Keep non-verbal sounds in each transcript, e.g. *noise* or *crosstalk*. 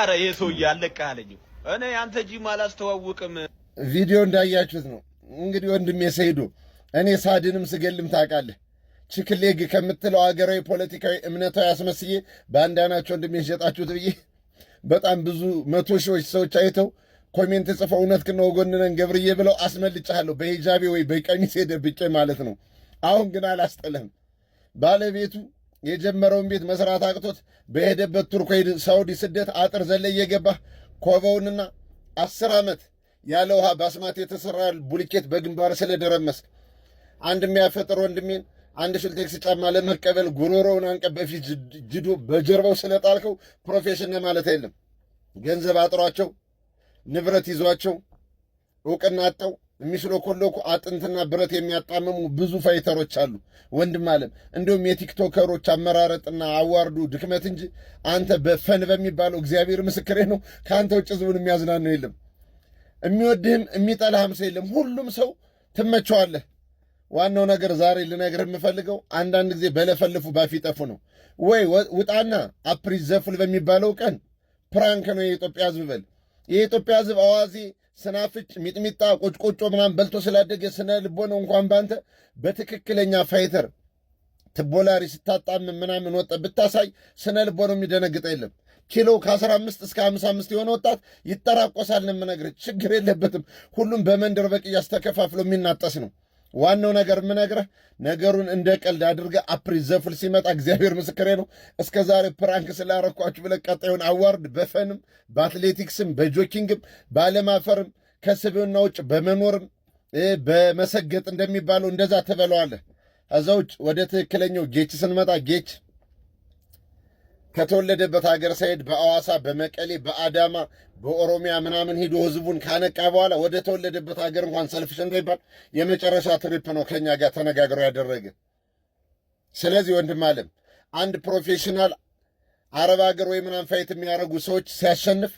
አረ የሰውዬ አለቀሃለኝ። እኔ አንተ ጂም አላስተዋውቅም። ቪዲዮ እንዳያችሁት ነው እንግዲህ ወንድሜ ሰይዶ፣ እኔ ሳድንም ስገልም ታውቃለህ። ችክሌግ ከምትለው ሀገራዊ፣ ፖለቲካዊ፣ እምነታዊ አስመስዬ በአንዳናቸው ወንድሜ ሸጣችሁት ብዬ በጣም ብዙ መቶ ሺዎች ሰዎች አይተው ኮሜንት ጽፈው እውነት ግን ወጎንነን ገብርዬ ብለው አስመልጫለሁ። በሂጃቤ ወይ በቀሚስ ደብቄ ማለት ነው። አሁን ግን አላስጠለም። ባለቤቱ የጀመረውን ቤት መስራት አቅቶት በሄደበት ቱርኮይድ ሳውዲ ስደት አጥር ዘለ እየገባ ኮበውንና አስር ዓመት ያለ ውሃ በአስማት የተሰራ ቡልኬት በግንባር ስለደረመስክ አንድ የሚያፈጥር ወንድሜን አንድ ሽልቴክስ ጫማ ለመቀበል ጉሮሮውን አንቀ በፊት ጅዶ በጀርባው ስለጣልከው ፕሮፌሽን ማለት የለም ገንዘብ አጥሯቸው ንብረት ይዟቸው እውቅና አጠው የሚሽሎኮሎኩ አጥንትና ብረት የሚያጣምሙ ብዙ ፋይተሮች አሉ ወንድም አለም። እንዲሁም የቲክቶከሮች አመራረጥና አዋርዱ ድክመት እንጂ አንተ በፈን በሚባለው እግዚአብሔር ምስክሬ ነው፣ ከአንተ ውጭ ህዝቡን የሚያዝናነው የለም። የሚወድህም የሚጠላህም ሰው የለም። ሁሉም ሰው ትመቸዋለህ። ዋናው ነገር ዛሬ ልነግርህ የምፈልገው አንዳንድ ጊዜ በለፈልፉ ባፊጠፉ ነው ወይ ውጣና አፕሪዘፉል በሚባለው ቀን ፕራንክ ነው የኢትዮጵያ ህዝብ በል የኢትዮጵያ ሕዝብ አዋዚ ስናፍጭ ሚጥሚጣ ቆጭቆጮ ምናምን በልቶ ስላደገ ስነ ልቦነው እንኳን ባንተ በትክክለኛ ፋይተር ትቦላሪ ስታጣም ምናምን ወጣ ብታሳይ ስነ ልቦ ነው የሚደነግጠ የለም። ኪሎ ከ15 እስከ 55 የሆነ ወጣት ይጠራቆሳል። ንምነግር ችግር የለበትም። ሁሉም በመንደር በቅያስ ተከፋፍሎ የሚናጠስ ነው። ዋናው ነገር የምነግረህ ነገሩን እንደ ቀልድ አድርገህ አፕሪ ዘፍል ሲመጣ እግዚአብሔር ምስክሬ ነው። እስከ ዛሬ ፕራንክ ስላረኳችሁ ብለህ ቀጣዩን አዋርድ በፈንም በአትሌቲክስም በጆኪንግም ባለማፈርም ከስብና ውጭ በመኖርም በመሰገጥ እንደሚባለው እንደዛ ትበለዋለህ። እዛ ውጭ ወደ ትክክለኛው ጌች ስንመጣ ጌች ከተወለደበት ሀገር ሳይሄድ በአዋሳ፣ በመቀሌ፣ በአዳማ፣ በኦሮሚያ ምናምን ሄዶ ህዝቡን ካነቃ በኋላ ወደ ተወለደበት ሀገር እንኳን ሰልፍ ሰልፍሽ ይባል የመጨረሻ ትሪፕ ነው ከኛ ጋር ተነጋግሮ ያደረገ። ስለዚህ ወንድም አለም አንድ ፕሮፌሽናል አረብ ሀገር ወይ ምናምን ፋይት የሚያደርጉ ሰዎች ሲያሸንፍ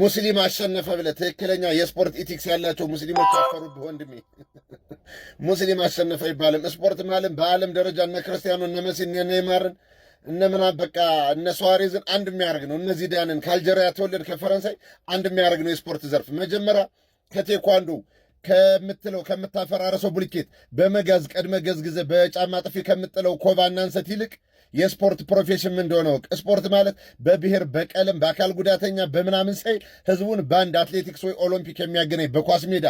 ሙስሊም አሸነፈ ብለህ ትክክለኛ የስፖርት ኢቲክስ ያላቸው ሙስሊሞች አፈሩብህ ወንድሜ። *laughs* ሙስሊም አሸነፈ አይባልም። ስፖርት ማለም በዓለም ደረጃ እነ ክርስቲያኑ እነ መሲ እነ ኔይማርን እነ በቃ እነ ሰዋሬዝን አንድ የሚያደርግ ነው። እነ ዚዳንን ከአልጀሪያ ተወለድ ከፈረንሳይ አንድ የሚያደርግ ነው የስፖርት ዘርፍ መጀመሪያ ከቴኳንዶ ከምትለው ከምታፈራረሰው ቡልኬት በመጋዝ ቀድመ ገዝግዘ በጫማ ጥፊ ከምትለው ኮባ እናንሰት ይልቅ የስፖርት ፕሮፌሽን ምን እንደሆነ ወቅ ስፖርት ማለት በብሔር በቀለም በአካል ጉዳተኛ በምናምን ሳይ ህዝቡን በአንድ አትሌቲክስ ወይ ኦሎምፒክ የሚያገናኝ በኳስ ሜዳ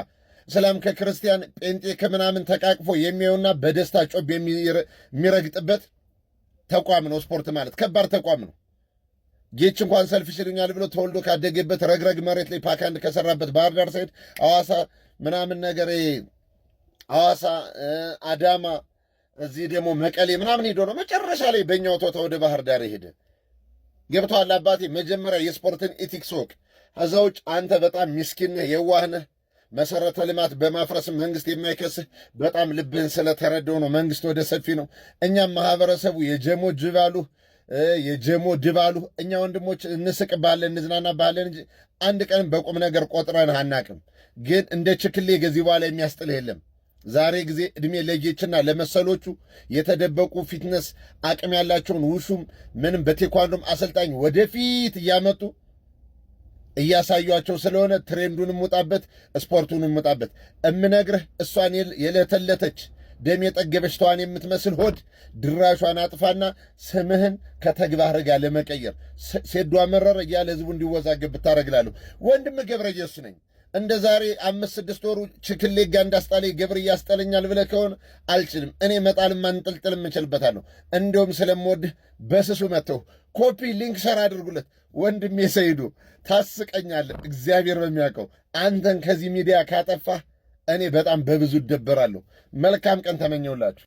እስላም ከክርስቲያን ጴንጤ ከምናምን ተቃቅፎ የሚየውና በደስታ ጮብ የሚረግጥበት ተቋም ነው። ስፖርት ማለት ከባድ ተቋም ነው። ጌች እንኳን ሰልፍ ይችልኛል ብሎ ተወልዶ ካደገበት ረግረግ መሬት ላይ ፓካንድ ከሰራበት ባህር ዳር ሳይድ አዋሳ ምናምን ነገር አዋሳ አዳማ፣ እዚህ ደግሞ መቀሌ ምናምን ሄዶ ነው መጨረሻ ላይ በእኛ ቶታ ወደ ባህር ዳር ሄደ። ገብቶሃል አባቴ? መጀመሪያ የስፖርትን ኢቲክስ ወቅ። እዛ ውጭ አንተ በጣም ሚስኪን ነህ፣ የዋህ ነህ መሰረተ ልማት በማፍረስ መንግስት የማይከስህ በጣም ልብህን ስለተረደው ነው። መንግስት ወደ ሰፊ ነው። እኛም ማህበረሰቡ የጀሞ ጅባሉ የጀሞ ድባሉ እኛ ወንድሞች እንስቅባለን፣ ባለን እንጂ አንድ ቀን በቁም ነገር ቆጥረን አናቅም። ግን እንደ ችክሌ ከዚህ በኋላ የሚያስጥልህ የለም። ዛሬ ጊዜ እድሜ ለጌችና ለመሰሎቹ የተደበቁ ፊትነስ አቅም ያላቸውን ውሹም ምንም በቴኳንዶም አሰልጣኝ ወደፊት እያመጡ እያሳዩቸው ስለሆነ ትሬንዱን ሙጣበት፣ ስፖርቱን ሙጣበት። እምነግርህ እሷን የለተለተች ደም የጠገበች ተዋን የምትመስል ሆድ ድራሿን አጥፋና ስምህን ከተግባር ጋር ለመቀየር ሴዷ መረረ እያለ ህዝቡ እንዲወዛገብ ብታረግላለሁ። ወንድም ገብረ ኢየሱስ ነኝ። እንደ ዛሬ አምስት ስድስት ወሩ ችክሌ ጋ እንዳስጣለኝ ገብር እያስጠለኛል ብለህ ከሆነ አልችልም። እኔ መጣልም አንጠልጥልም እችልበታለሁ። እንደውም ስለምወድህ በስሱ መጥተው ኮፒ ሊንክ ሸር አድርጉለት። ወንድሜ ሰይዱ ታስቀኛለህ፣ እግዚአብሔር በሚያውቀው አንተን ከዚህ ሚዲያ ካጠፋህ እኔ በጣም በብዙ እደበራለሁ። መልካም ቀን ተመኘውላችሁ።